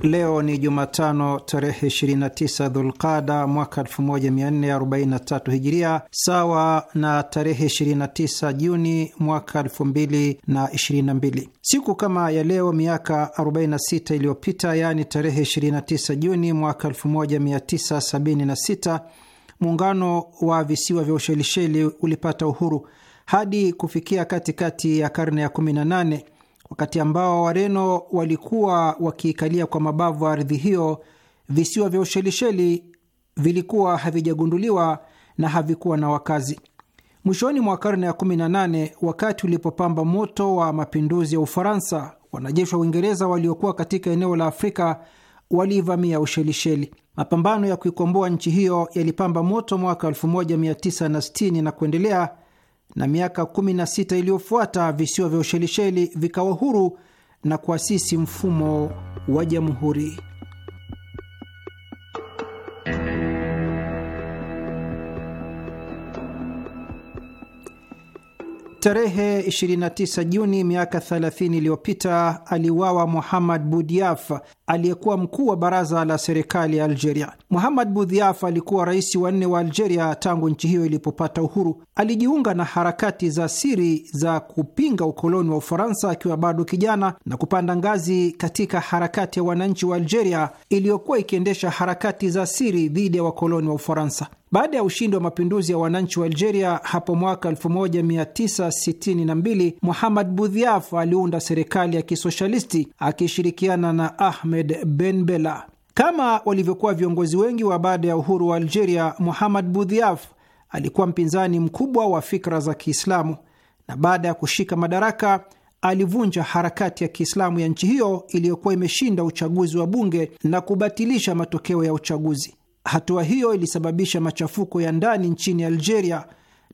Speaker 5: Leo ni Jumatano tarehe 29 Dhulqada mwaka 1443 Hijiria, sawa na tarehe 29 Juni mwaka 2022. Siku kama ya leo miaka 46 iliyopita, yaani tarehe 29 Juni mwaka 1976, muungano wa visiwa vya Ushelisheli ulipata uhuru hadi kufikia katikati ya karne ya 18 wakati ambao Wareno walikuwa wakiikalia kwa mabavu ardhi hiyo. Visiwa vya Ushelisheli vilikuwa havijagunduliwa na havikuwa na wakazi. Mwishoni mwa karne ya 18, wakati ulipopamba moto wa mapinduzi ya Ufaransa, wanajeshi wa Uingereza waliokuwa katika eneo la Afrika waliivamia Ushelisheli. Mapambano ya kuikomboa nchi hiyo yalipamba moto mwaka 1960 na kuendelea na miaka 16 iliyofuata visiwa vya Ushelisheli vikawa huru na kuasisi mfumo wa jamhuri. Tarehe 29 Juni miaka 30 iliyopita aliuawa Muhammad Budiaf, aliyekuwa mkuu wa baraza la serikali ya Algeria. Muhamad Budhiaf alikuwa rais wa nne wa Algeria tangu nchi hiyo ilipopata uhuru. Alijiunga na harakati za siri za kupinga ukoloni wa Ufaransa akiwa bado kijana na kupanda ngazi katika harakati ya wananchi wa Algeria iliyokuwa ikiendesha harakati za siri dhidi ya wakoloni wa Ufaransa. Baada ya ushindi wa mapinduzi ya wananchi wa Algeria hapo mwaka 1962, Muhamad Budhiaf aliunda serikali ya kisoshalisti akishirikiana na Ahmed Mohamed Ben Bella. Kama walivyokuwa viongozi wengi wa baada ya uhuru wa Algeria, Muhammad Budhiaf alikuwa mpinzani mkubwa wa fikra za Kiislamu na baada ya kushika madaraka alivunja harakati ya Kiislamu ya nchi hiyo iliyokuwa imeshinda uchaguzi wa bunge na kubatilisha matokeo ya uchaguzi. Hatua hiyo ilisababisha machafuko ya ndani nchini Algeria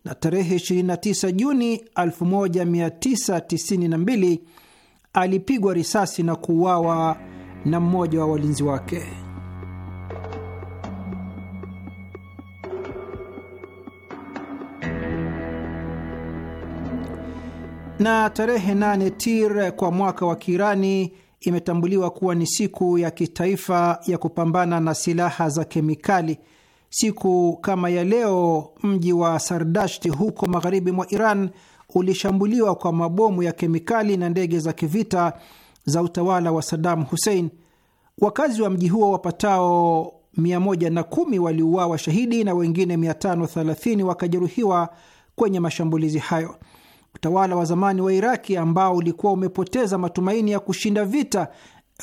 Speaker 5: na tarehe 29 Juni 1992 alipigwa risasi na kuuawa na mmoja wa walinzi wake. Na tarehe 8 Tir kwa mwaka wa Kiirani imetambuliwa kuwa ni siku ya kitaifa ya kupambana na silaha za kemikali. Siku kama ya leo, mji wa Sardashti huko magharibi mwa Iran ulishambuliwa kwa mabomu ya kemikali na ndege za kivita za utawala wa Saddam Hussein. Wakazi wa mji huo wapatao 110 waliuawa shahidi na wengine 530 wakajeruhiwa kwenye mashambulizi hayo. Utawala wa zamani wa Iraki ambao ulikuwa umepoteza matumaini ya kushinda vita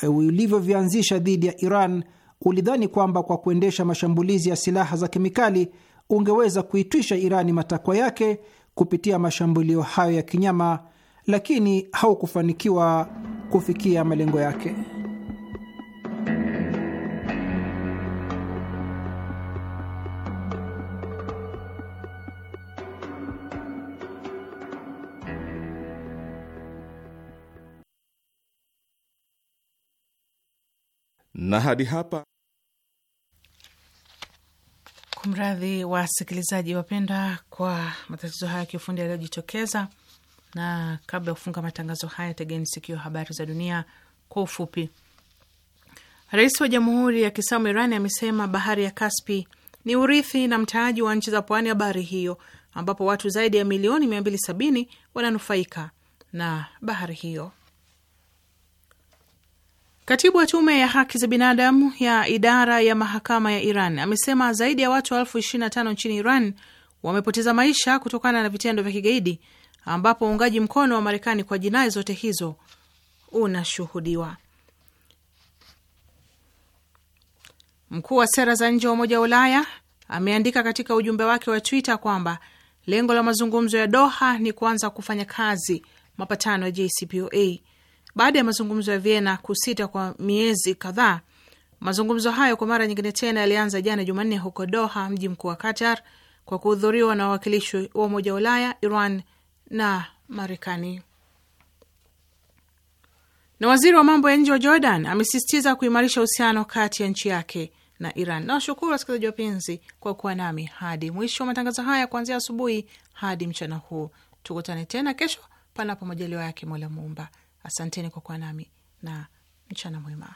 Speaker 5: eh, ulivyovianzisha dhidi ya Iran ulidhani kwamba kwa kuendesha mashambulizi ya silaha za kemikali ungeweza kuitwisha Irani matakwa yake kupitia mashambulio hayo ya kinyama lakini haukufanikiwa kufikia malengo yake.
Speaker 6: Na hadi hapa
Speaker 1: Kumradhi wasikilizaji wapenda kwa matatizo haya ya kiufundi yaliyojitokeza na kabla ya kufunga matangazo haya, tegeni sikio habari za dunia kwa ufupi. Rais wa Jamhuri ya Kiislamu Iran amesema bahari ya Kaspi ni urithi na mtaaji wa nchi za pwani ya bahari hiyo, ambapo watu zaidi ya milioni 270 wananufaika na bahari hiyo. Katibu wa tume ya haki za binadamu ya idara ya mahakama ya Iran amesema zaidi ya watu elfu 25 nchini Iran wamepoteza maisha kutokana na vitendo vya kigaidi ambapo uungaji mkono wa Marekani kwa jinai zote hizo unashuhudiwa. Mkuu wa sera za nje wa Umoja wa Ulaya ameandika katika ujumbe wake wa Twitter kwamba lengo la mazungumzo ya Doha ni kuanza kufanya kazi mapatano ya JCPOA baada ya mazungumzo ya Vienna kusita kwa miezi kadhaa. Mazungumzo hayo kwa mara nyingine tena yalianza jana Jumanne huko Doha, mji mkuu wa Qatar, kwa kuhudhuriwa na wawakilishi wa Umoja wa Ulaya, Iran, na Marekani. Na waziri wa mambo ya nje wa Jordan amesisitiza kuimarisha uhusiano kati ya nchi yake na Iran. nawashukuru washukuru wasikilizaji wapenzi kwa kuwa nami hadi mwisho wa matangazo haya, kuanzia asubuhi hadi mchana huu. Tukutane tena kesho, panapo majaliwa yake Mola Muumba. Asanteni kwa kuwa nami na mchana mwema.